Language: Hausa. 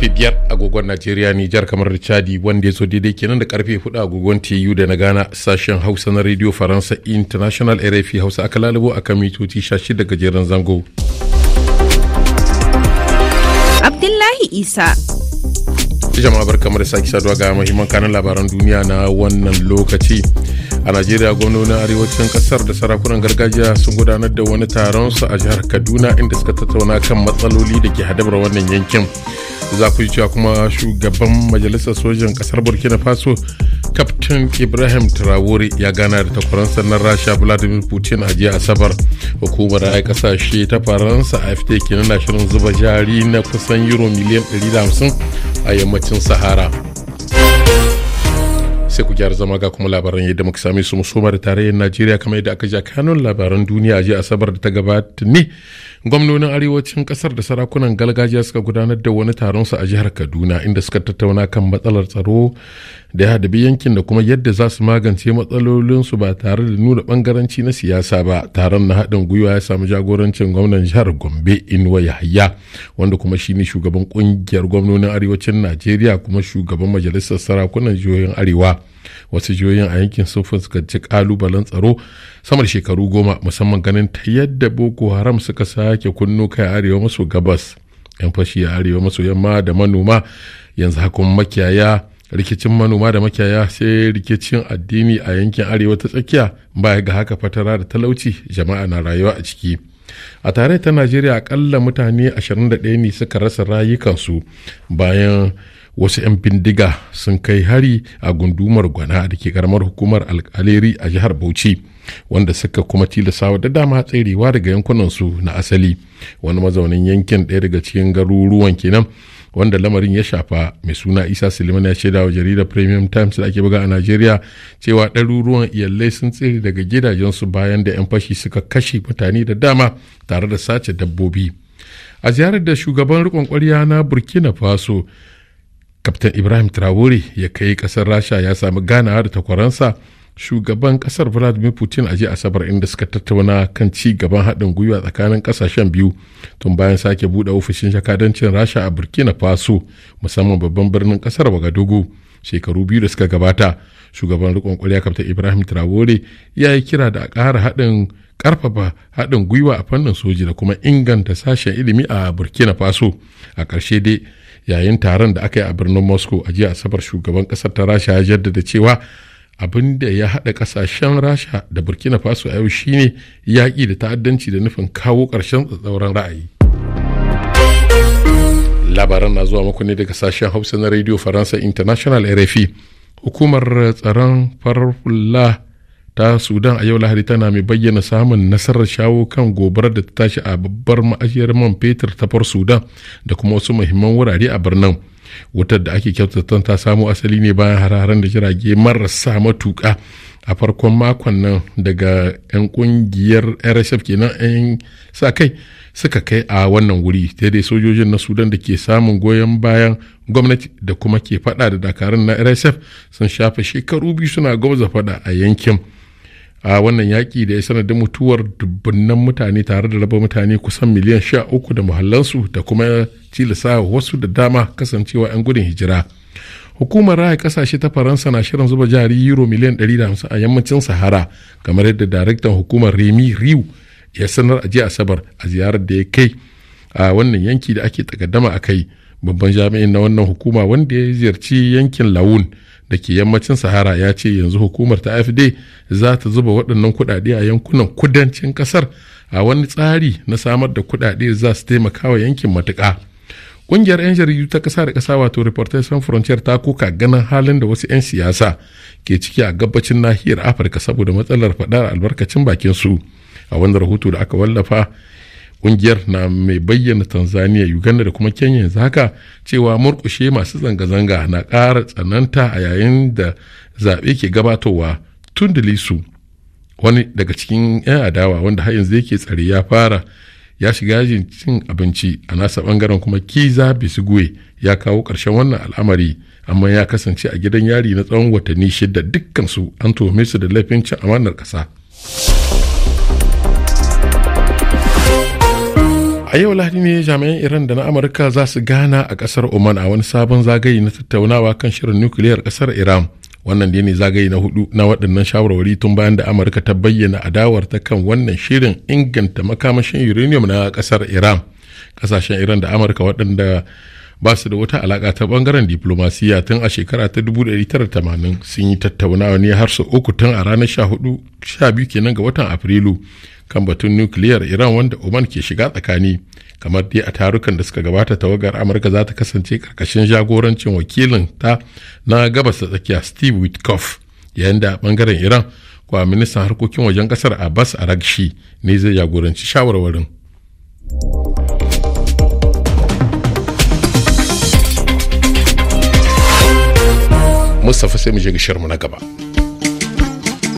karfe 5 agogon Najeriya Nijar kamar Chadi wanda ya so daidai kenan da karfe 4 agogon TU da na Ghana sashen Hausa na Radio Faransa International RFI Hausa aka lalubo akan mitoci 16 daga gajeren zango. Abdullahi Isa jama'a barkamu da sake saduwa ga mahimman kanan labaran duniya na wannan lokaci a najeriya gwamnonin arewacin kasar da sarakunan gargajiya sun gudanar da wani taron su a jihar kaduna inda suka tattauna kan matsaloli da ke hadabar wannan yankin za ku yi cewa kuma shugaban majalisar sojan kasar burkina faso kaftin ibrahim traore ya gana da takwaransa na rasha vladimir putin a jiya asabar hukumar ai kasashe ta faransa afd ke nuna shirin zuba jari na kusan euro miliyan 150 a yammacin sahara sai ku gyara zama ga kuma labaran yadda muka same su musoma da tarayyar najeriya kamar yadda aka ja kanun labaran duniya a asabar da ta gabata ne gwamnonin arewacin kasar da sarakunan galgajiya suka gudanar da wani taron su a jihar kaduna inda suka tattauna kan matsalar tsaro da ya hadabi yankin da kuma yadda za su magance matsalolinsu ba tare da nuna bangaranci na siyasa ba taron na haɗin gwiwa ya samu jagorancin gwamnan jihar gombe inuwa yahaya wanda kuma shine shugaban kungiyar gwamnonin arewacin najeriya kuma shugaban majalisar sarakunan jihohin arewa wasu jihohin a yankin sun fuskanci kalubalen tsaro sama da shekaru goma musamman ganin ta yadda boko haram suka sake kunno kai arewa maso gabas yan fashi a arewa maso yamma da manoma yanzu hakun makiyaya rikicin manoma da makiyaya sai rikicin addini a yankin arewa ta tsakiya baya ga haka fatara da talauci jama'a na rayuwa a ciki a tare ta najeriya akalla mutane 21 ne suka rasa rayukansu bayan wasu 'yan bindiga sun kai hari a gundumar gwana da ke karamar hukumar alkaleri a jihar bauchi wanda suka kuma tilasawa da dama tserewa daga yankunansu na asali wani mazaunin yankin ɗaya daga cikin garuruwan kenan wanda lamarin ya shafa mai suna isa suleiman ya shaida wa jaridar premium times da ake buga a najeriya cewa ɗaruruwan iyalai sun tsere daga gidajensu bayan da 'yan fashi suka kashe mutane da dama tare da sace dabbobi a ziyarar da shugaban riƙon ƙwarya na burkina faso kaftan ibrahim traore ya kai kasar rasha ya sami ganawa da takwaransa shugaban kasar vladimir putin a jiya asabar inda suka tattauna kan ci gaban haɗin gwiwa tsakanin ƙasashen biyu tun bayan sake buɗe ofishin jakadancin rasha a burkina faso musamman babban birnin kasar wagadugu shekaru biyu da suka gabata shugaban rikon kwarya kaftan ibrahim traore ya yi kira da a ƙara haɗin karfafa haɗin gwiwa a fannin soji da kuma inganta sashen ilimi a burkina faso a ƙarshe dai yayin taron da aka yi a birnin moscow a jiya asabar shugaban kasar ta rasha ya jaddada cewa abin da ya haɗa ƙasashen rasha da burkina faso a yau shine yaƙi da ta'addanci da nufin kawo ƙarshen tsatsauran ra'ayi labaran na zuwa muku ne daga sashen hausa na radio faransa international rfi hukumar tsaron farar ta sudan a yau lahadi tana mai bayyana samun nasarar shawo kan gobarar da ta tashi a babbar ma'ajiyar man fetur ta far sudan da kuma wasu muhimman wurare a birnin wutar da ake kyautata ta samo asali ne bayan hararen da jirage marasa matuka a farkon makon nan daga 'yan kungiyar rsf kenan 'yan sa kai suka kai a wannan wuri daidai sojojin na sudan da ke samun goyon bayan gwamnati da kuma ke fada da dakarun na rsf sun shafe shekaru biyu suna gwamza fada a yankin a wannan yaƙi da ya sanadin mutuwar dubbunan mutane tare da raba mutane kusan miliyan sha uku da muhallansu da kuma cilasa wasu da dama kasancewa 'yan gudun hijira hukumar raya kasashe ta faransa na shirin zuba jari euro miliyan 150 a yammacin sahara kamar yadda daraktan hukumar remi riu ya sanar a jiya asabar a ziyarar da ya kai a wannan yanki da ake takaddama a kai babban jami'in na wannan hukuma wanda ya ziyarci yankin lawun da ke yammacin sahara ya ce yanzu hukumar ta afd za ta zuba waɗannan kuɗaɗe a yankunan kudancin ƙasar a wani tsari na samar da kuɗaɗe za su taimaka wa yankin matuƙa ƙungiyar 'yan jaridu ta ƙasa da ƙasa wato reporters sans frontier ta kuka ganin halin da wasu 'yan siyasa ke ciki a gabacin nahiyar afirka saboda matsalar faɗar albarkacin bakin su a wani rahoto da aka wallafa Ƙungiyar na mai bayyana Tanzania, Uganda da kuma Kenya yanzu haka cewa murƙushe masu zanga-zanga na kara tsananta a yayin da zaɓe ke gabatowa tun su wani daga cikin 'yan adawa wanda har yanzu yake tsare ya fara ya shiga yajin cin abinci a nasa bangaren kuma kiza bisiguwe ya kawo ƙarshen wannan al'amari amma ya kasance a gidan yari na tsawon watanni shida dukkansu an tuhume su da laifin cin amanar ƙasa. a yau lahadi ne jami'an iran da na amurka za su gana a kasar oman a wani sabon zagaye na tattaunawa kan shirin nukiliyar kasar iran wannan ne zagaye na hudu na waɗannan shawarwari tun bayan da amurka ta bayyana adawar ta kan wannan shirin inganta makamashin uranium na kasar iran kasashen iran da amurka waɗanda ba su da wata alaka ta bangaren diplomasiya tun a shekara ta 1980 sun yi tattaunawa ne har sau uku tun a ranar 14 12 kenan ga watan afrilu kan batun nukiliyar iran wanda oman ke shiga tsakani kamar dai a tarukan da suka gabata tawagar amurka za ta kasance karkashin jagorancin wakilin ta na gabas da tsakiya steve witkoff yayin da bangaren iran kwa ministan harkokin wajen kasar abbas aragshi ne zai jagoranci shawarwarin mustapha sai mu je ga shirmu na gaba